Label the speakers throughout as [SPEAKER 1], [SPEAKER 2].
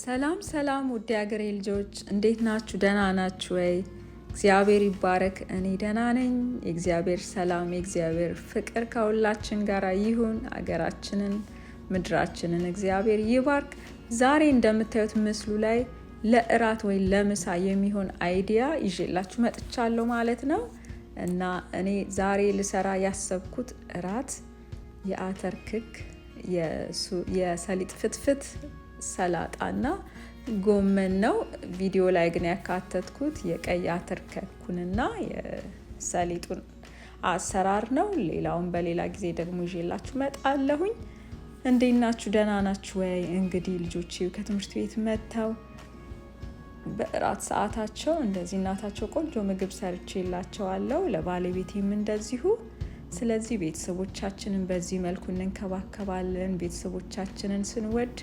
[SPEAKER 1] ሰላም ሰላም፣ ውድ የአገሬ ልጆች እንዴት ናችሁ? ደህና ናችሁ ወይ? እግዚአብሔር ይባረክ፣ እኔ ደህና ነኝ። የእግዚአብሔር ሰላም የእግዚአብሔር ፍቅር ከሁላችን ጋር ይሁን። አገራችንን ምድራችንን እግዚአብሔር ይባርክ። ዛሬ እንደምታዩት ምስሉ ላይ ለእራት ወይም ለምሳ የሚሆን አይዲያ ይዤላችሁ መጥቻለሁ ማለት ነው እና እኔ ዛሬ ልሰራ ያሰብኩት እራት የአተር ክክ፣ የሰሊጥ ፍትፍት ሰላጣና ጎመን ነው። ቪዲዮ ላይ ግን ያካተትኩት የቀይ አተር ከኩንና የሰሊጡን አሰራር ነው። ሌላውን በሌላ ጊዜ ደግሞ ይዤላችሁ መጣለሁኝ። እንዴት ናችሁ? ደህና ናችሁ ወይ? እንግዲህ ልጆች ከትምህርት ቤት መጥተው በእራት ሰዓታቸው እንደዚህ እናታቸው ቆንጆ ምግብ ሰርቼላቸዋለሁ። ለባለቤቴም እንደዚሁ። ስለዚህ ቤተሰቦቻችንን በዚህ መልኩ እንንከባከባለን። ቤተሰቦቻችንን ስንወድ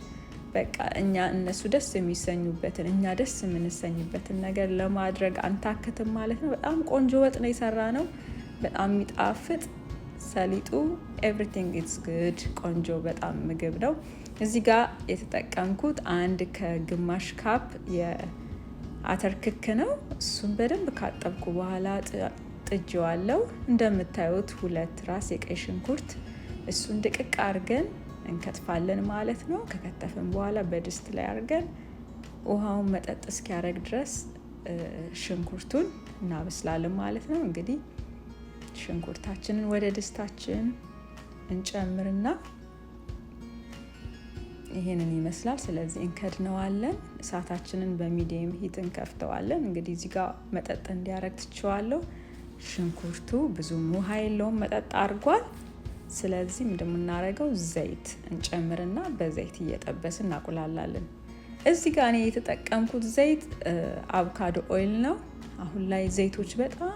[SPEAKER 1] በቃ እኛ እነሱ ደስ የሚሰኙበትን እኛ ደስ የምንሰኝበትን ነገር ለማድረግ አንታክትም ማለት ነው። በጣም ቆንጆ ወጥ ነው የሰራ ነው። በጣም የሚጣፍጥ ሰሊጡ ኤቭሪቲንግ ኢትስ ግድ ቆንጆ በጣም ምግብ ነው። እዚህ ጋር የተጠቀምኩት አንድ ከግማሽ ካፕ የአተር ክክ ነው። እሱን በደንብ ካጠብኩ በኋላ ጥጄዋለሁ። እንደምታዩት ሁለት ራስ የቀይ ሽንኩርት እሱን ድቅቅ አድርገን እንከትፋለን ማለት ነው። ከከተፍን በኋላ በድስት ላይ አድርገን ውሃውን መጠጥ እስኪያደርግ ድረስ ሽንኩርቱን እናበስላለን ማለት ነው። እንግዲህ ሽንኩርታችንን ወደ ድስታችን እንጨምርና ይህንን ይመስላል። ስለዚህ እንከድነዋለን። እሳታችንን በሚዲየም ሂት እንከፍተዋለን። እንግዲህ እዚህ ጋር መጠጥ እንዲያደርግ ትችዋለሁ። ሽንኩርቱ ብዙም ውሃ የለውም፣ መጠጥ አድርጓል። ስለዚህ እንደምናደርገው ዘይት እንጨምርና በዘይት እየጠበስን እናቁላላለን። እዚህ ጋር እኔ የተጠቀምኩት ዘይት አቮካዶ ኦይል ነው። አሁን ላይ ዘይቶች በጣም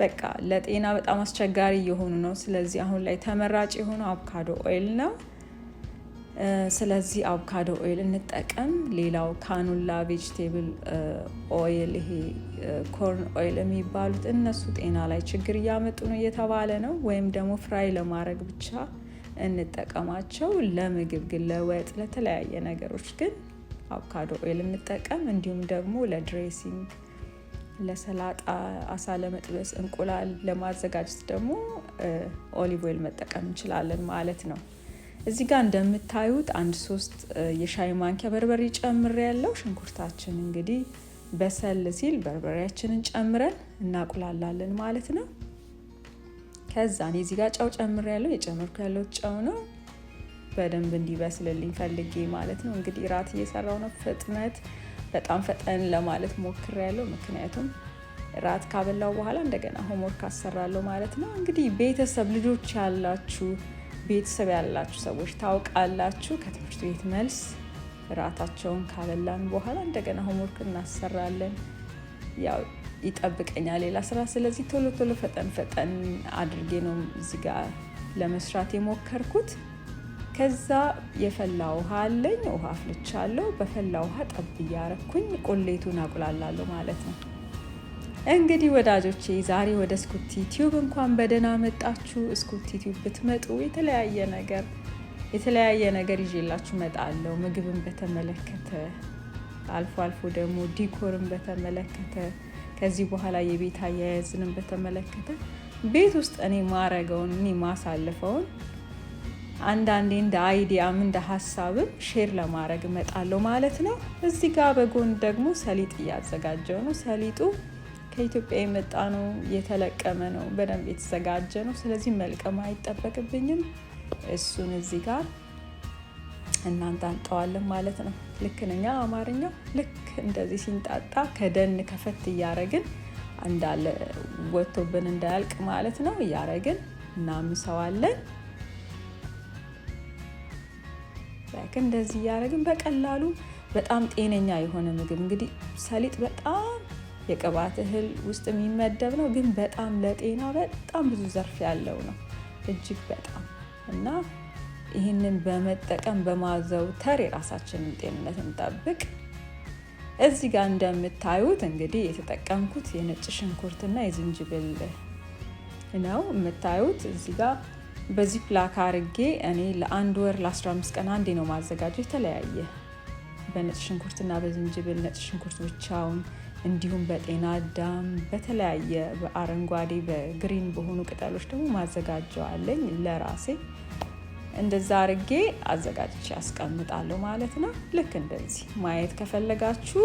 [SPEAKER 1] በቃ ለጤና በጣም አስቸጋሪ እየሆኑ ነው። ስለዚህ አሁን ላይ ተመራጭ የሆነው አቮካዶ ኦይል ነው። ስለዚህ አቮካዶ ኦይል እንጠቀም። ሌላው ካኑላ፣ ቬጅቴብል ኦይል፣ ይሄ ኮርን ኦይል የሚባሉት እነሱ ጤና ላይ ችግር እያመጡ ነው እየተባለ ነው። ወይም ደግሞ ፍራይ ለማድረግ ብቻ እንጠቀማቸው። ለምግብ ግን ለወጥ፣ ለተለያየ ነገሮች ግን አቮካዶ ኦይል እንጠቀም። እንዲሁም ደግሞ ለድሬሲንግ፣ ለሰላጣ፣ አሳ ለመጥበስ፣ እንቁላል ለማዘጋጀት ደግሞ ኦሊቭ ኦይል መጠቀም እንችላለን ማለት ነው። እዚህ ጋር እንደምታዩት አንድ ሶስት የሻይ ማንኪያ በርበሬ ጨምሬ ያለው ሽንኩርታችን እንግዲህ በሰል ሲል በርበሬያችንን ጨምረን እናቁላላለን ማለት ነው። ከዛ እኔ እዚህ ጋር ጨው ጨምሬ ያለው የጨመርኩ ያለው ጨው ነው። በደንብ እንዲበስልልኝ ፈልጌ ማለት ነው። እንግዲህ እራት እየሰራው ነው። ፍጥነት በጣም ፈጠን ለማለት ሞክሬ ያለው ምክንያቱም ራት ካበላው በኋላ እንደገና ሆምወርክ አሰራለሁ ማለት ነው። እንግዲህ ቤተሰብ ልጆች ያላችሁ ቤተሰብ ያላችሁ ሰዎች ታውቃላችሁ። ከትምህርት ቤት መልስ እራታቸውን ካበላን በኋላ እንደገና ሆምወርክ እናሰራለን። ያው ይጠብቀኛል ሌላ ስራ። ስለዚህ ቶሎ ቶሎ ፈጠን ፈጠን አድርጌ ነው እዚህ ጋር ለመስራት የሞከርኩት። ከዛ የፈላ ውሃ አለኝ። ውሃ አፍልቻለሁ። በፈላ ውሃ ጠብ እያረኩኝ ቁሌቱን አቁላላለሁ ማለት ነው። እንግዲህ ወዳጆቼ ዛሬ ወደ ስኩቲ ቲዩብ እንኳን በደህና መጣችሁ። ስኩቲ ቲዩብ ብትመጡ የተለያየ ነገር የተለያየ ነገር ይዤላችሁ መጣለሁ። ምግብን በተመለከተ አልፎ አልፎ ደግሞ ዲኮርን በተመለከተ ከዚህ በኋላ የቤት አያያዝንም በተመለከተ ቤት ውስጥ እኔ ማረገውን እኔ ማሳልፈውን አንዳንዴ እንደ አይዲያም እንደ ሀሳብም ሼር ለማድረግ እመጣለሁ ማለት ነው። እዚህ ጋር በጎን ደግሞ ሰሊጥ እያዘጋጀው ነው ሰሊጡ ከኢትዮጵያ የመጣ ነው፣ የተለቀመ ነው፣ በደንብ የተዘጋጀ ነው። ስለዚህ መልቀም አይጠበቅብኝም። እሱን እዚህ ጋር እናንተ አንጠዋለን ማለት ነው። ልክንኛ አማርኛው ልክ እንደዚህ ሲንጣጣ ከደን ከፈት እያረግን እንዳለ ወጥቶብን እንዳያልቅ ማለት ነው እያረግን እናምሰዋለን። እንደዚህ እያረግን በቀላሉ በጣም ጤነኛ የሆነ ምግብ እንግዲህ ሰሊጥ በጣም የቅባት እህል ውስጥ የሚመደብ ነው፣ ግን በጣም ለጤና በጣም ብዙ ዘርፍ ያለው ነው እጅግ በጣም እና ይህንን በመጠቀም በማዘውተር የራሳችንን ጤንነት እንጠብቅ። እዚህ ጋር እንደምታዩት እንግዲህ የተጠቀምኩት የነጭ ሽንኩርትና የዝንጅብል ነው የምታዩት እዚህ ጋር በዚህ ፕላክ አርጌ እኔ ለአንድ ወር ለ15 ቀን አንዴ ነው ማዘጋጀው የተለያየ በነጭ ሽንኩርትና በዝንጅብል ነጭ ሽንኩርት ብቻውን እንዲሁም በጤና አዳም በተለያየ በአረንጓዴ በግሪን በሆኑ ቅጠሎች ደግሞ ማዘጋጀዋለኝ ለራሴ እንደዛ አርጌ አዘጋጅቼ ያስቀምጣለሁ ማለት ነው። ልክ እንደዚህ ማየት ከፈለጋችሁ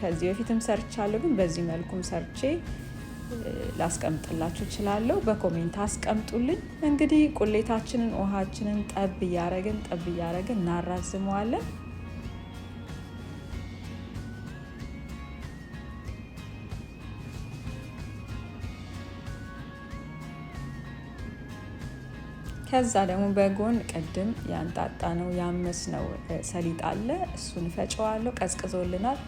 [SPEAKER 1] ከዚህ በፊትም ሰርቻለሁ፣ ግን በዚህ መልኩም ሰርቼ ላስቀምጥላችሁ እችላለሁ። በኮሜንት አስቀምጡልኝ። እንግዲህ ቁሌታችንን ውሃችንን ጠብ እያረግን ጠብ እያረግን እናራዝመዋለን። ከዛ ደግሞ በጎን ቅድም ያንጣጣ ነው ያመስ ነው ሰሊጥ አለ። እሱን ፈጨዋለሁ። ቀዝቅዞልናል።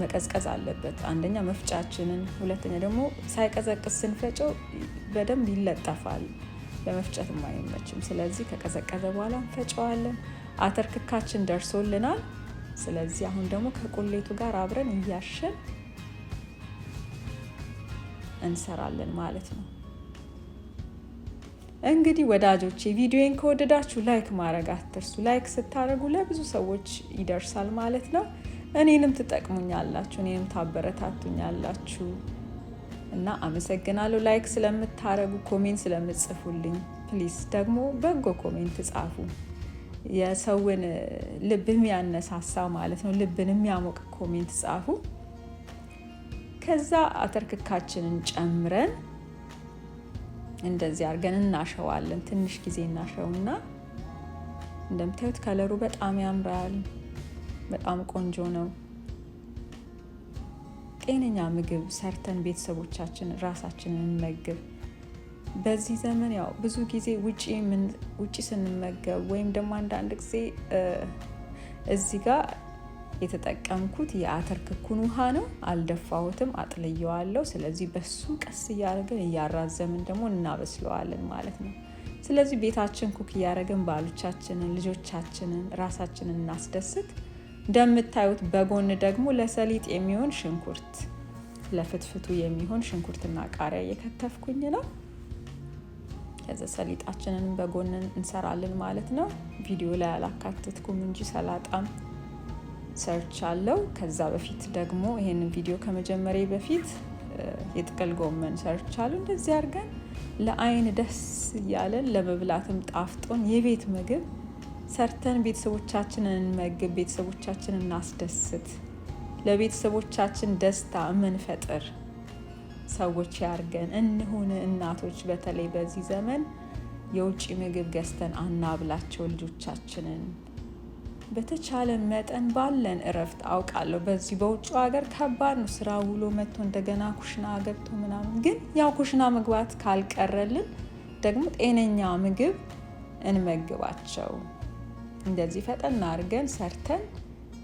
[SPEAKER 1] መቀዝቀዝ አለበት። አንደኛ መፍጫችንን፣ ሁለተኛ ደግሞ ሳይቀዘቅዝ ስንፈጨው በደንብ ይለጠፋል። ለመፍጨት አይመችም። ስለዚህ ከቀዘቀዘ በኋላ እንፈጨዋለን። አተርክካችን ደርሶልናል። ስለዚህ አሁን ደግሞ ከቁሌቱ ጋር አብረን እያሸን እንሰራለን ማለት ነው። እንግዲህ ወዳጆቼ ቪዲዮን ከወደዳችሁ ላይክ ማድረግ አትርሱ። ላይክ ስታደርጉ ለብዙ ሰዎች ይደርሳል ማለት ነው። እኔንም ትጠቅሙኛላችሁ፣ እኔንም ታበረታቱኛላችሁ እና አመሰግናለሁ። ላይክ ስለምታደርጉ ኮሜንት ስለምጽፉልኝ፣ ፕሊስ ደግሞ በጎ ኮሜንት ጻፉ። የሰውን ልብ የሚያነሳሳ ማለት ነው፣ ልብን የሚያሞቅ ኮሜንት ጻፉ። ከዛ አተርክካችንን ጨምረን እንደዚህ አድርገን እናሸዋለን። ትንሽ ጊዜ እናሸውና እንደምታዩት ከለሩ በጣም ያምራል። በጣም ቆንጆ ነው። ጤነኛ ምግብ ሰርተን ቤተሰቦቻችን ራሳችንን እንመግብ። በዚህ ዘመን ያው ብዙ ጊዜ ውጪ ስንመገብ ወይም ደግሞ አንዳንድ ጊዜ እዚህ ጋር የተጠቀምኩት የአተር ክኩን ውሃ ነው። አልደፋሁትም፣ አጥልየዋለሁ። ስለዚህ በሱ ቀስ እያደረግን እያራዘምን ደግሞ እናበስለዋለን ማለት ነው። ስለዚህ ቤታችን ኩክ እያደረግን ባሎቻችንን፣ ልጆቻችንን፣ ራሳችንን እናስደስት። እንደምታዩት በጎን ደግሞ ለሰሊጥ የሚሆን ሽንኩርት ለፍትፍቱ የሚሆን ሽንኩርትና ቃሪያ እየከተፍኩኝ ነው። ከዚ ሰሊጣችንን በጎን እንሰራለን ማለት ነው። ቪዲዮ ላይ አላካተትኩም እንጂ ሰላጣም ሰርች አለው። ከዛ በፊት ደግሞ ይሄንን ቪዲዮ ከመጀመሪያ በፊት የጥቅል ጎመን ሰርች አለው። እንደዚህ አድርገን ለአይን ደስ እያለን ለመብላትም ጣፍጦን የቤት ምግብ ሰርተን ቤተሰቦቻችንን እንመግብ፣ ቤተሰቦቻችንን እናስደስት፣ ለቤተሰቦቻችን ደስታ እምንፈጥር ሰዎች ያርገን እንሁን። እናቶች በተለይ በዚህ ዘመን የውጭ ምግብ ገዝተን አናብላቸው ልጆቻችንን። በተቻለ መጠን ባለን እረፍት አውቃለሁ። በዚህ በውጭ ሀገር ከባድ ነው። ስራ ውሎ መጥቶ እንደገና ኩሽና ገብቶ ምናምን፣ ግን ያው ኩሽና መግባት ካልቀረልን ደግሞ ጤነኛ ምግብ እንመግባቸው። እንደዚህ ፈጠን አድርገን ሰርተን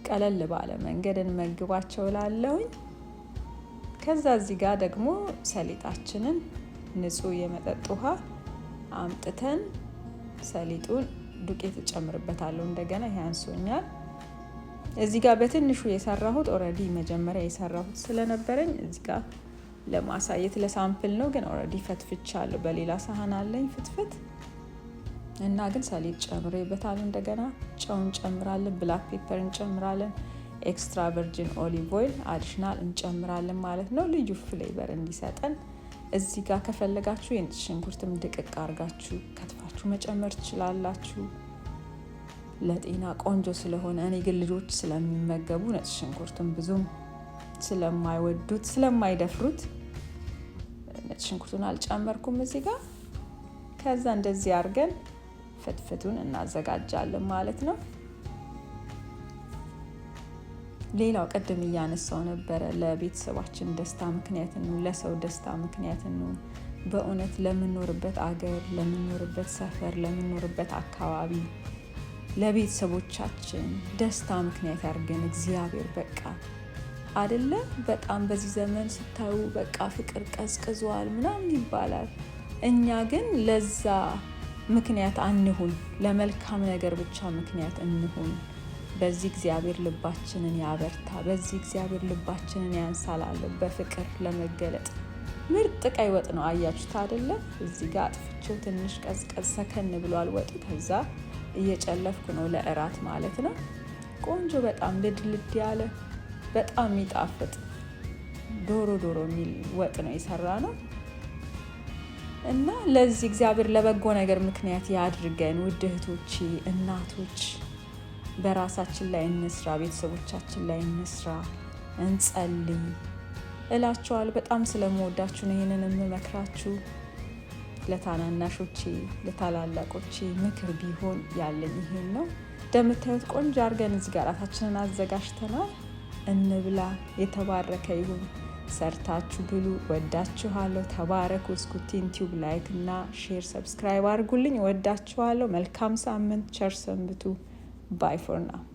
[SPEAKER 1] ቀለል ባለ መንገድ እንመግባቸው ላለውኝ። ከዛ እዚህ ጋር ደግሞ ሰሊጣችንን ንጹህ የመጠጥ ውሃ አምጥተን ሰሊጡን ዱቄት እጨምርበታለሁ። እንደገና ይሄ አንሶኛል። እዚህ ጋር በትንሹ የሰራሁት ኦልሬዲ መጀመሪያ የሰራሁት ስለነበረኝ እዚህ ጋር ለማሳየት ለሳምፕል ነው፣ ግን ኦልሬዲ ፈትፍቻለሁ። በሌላ ሳህን አለኝ ፍትፍት እና ግን ሰሊጥ ጨምሬበታለሁ። እንደገና ጨው እንጨምራለን፣ ብላክ ፔፐር እንጨምራለን፣ ኤክስትራ ቨርጂን ኦሊቭ ኦይል አዲሽናል እንጨምራለን ማለት ነው ልዩ ፍሌቨር እንዲሰጠን እዚህ ጋር ከፈለጋችሁ የነጭ ሽንኩርትም ድቅቅ አድርጋችሁ ከትፋችሁ መጨመር ትችላላችሁ። ለጤና ቆንጆ ስለሆነ እኔ ግን ልጆች ስለሚመገቡ ነጭ ሽንኩርትም ብዙም ስለማይወዱት ስለማይደፍሩት ነጭ ሽንኩርቱን አልጨመርኩም እዚህ ጋር። ከዛ እንደዚህ አድርገን ፍትፍቱን እናዘጋጃለን ማለት ነው። ሌላው ቅድም እያነሳው ነበረ፣ ለቤተሰባችን ደስታ ምክንያት እንሁን፣ ለሰው ደስታ ምክንያት እንሁን። በእውነት ለምንኖርበት አገር፣ ለምንኖርበት ሰፈር፣ ለምንኖርበት አካባቢ፣ ለቤተሰቦቻችን ደስታ ምክንያት ያድርገን እግዚአብሔር። በቃ አደለ በጣም በዚህ ዘመን ስታዩ በቃ ፍቅር ቀዝቅዟል ምናምን ይባላል። እኛ ግን ለዛ ምክንያት አንሁን፣ ለመልካም ነገር ብቻ ምክንያት እንሁን። በዚህ እግዚአብሔር ልባችንን ያበርታ፣ በዚህ እግዚአብሔር ልባችንን ያንሳላለን። በፍቅር ለመገለጥ ምርጥ ቀይ ወጥ ነው። አያችሁት አይደለ? እዚህ ጋር አጥፍቼው ትንሽ ቀዝቀዝ ሰከን ብሏል ወጡ። ከዛ እየጨለፍኩ ነው ለእራት ማለት ነው። ቆንጆ በጣም ልድልድ ያለ በጣም የሚጣፍጥ ዶሮ ዶሮ የሚል ወጥ ነው የሰራ ነው እና ለዚህ እግዚአብሔር ለበጎ ነገር ምክንያት ያድርገን። ውድ እህቶቼ፣ እናቶች በራሳችን ላይ እንስራ፣ ቤተሰቦቻችን ላይ እንስራ፣ እንጸልይ እላችኋል። በጣም ስለምወዳችሁ ነው ይህንን የምመክራችሁ። ለታናናሾቼ ለታላላቆቼ ምክር ቢሆን ያለኝ ይሄን ነው። እንደምታዩት ቆንጆ አድርገን እዚህ ጋር ራታችንን አዘጋጅተናል። እንብላ። የተባረከ ይሁን። ሰርታችሁ ብሉ። ወዳችኋለሁ። ተባረኩ። እስኩቲን ቲዩብ ላይክ እና ሼር ሰብስክራይብ አድርጉልኝ። ወዳችኋለሁ። መልካም ሳምንት። ቸር ሰንብቱ። Bye for now.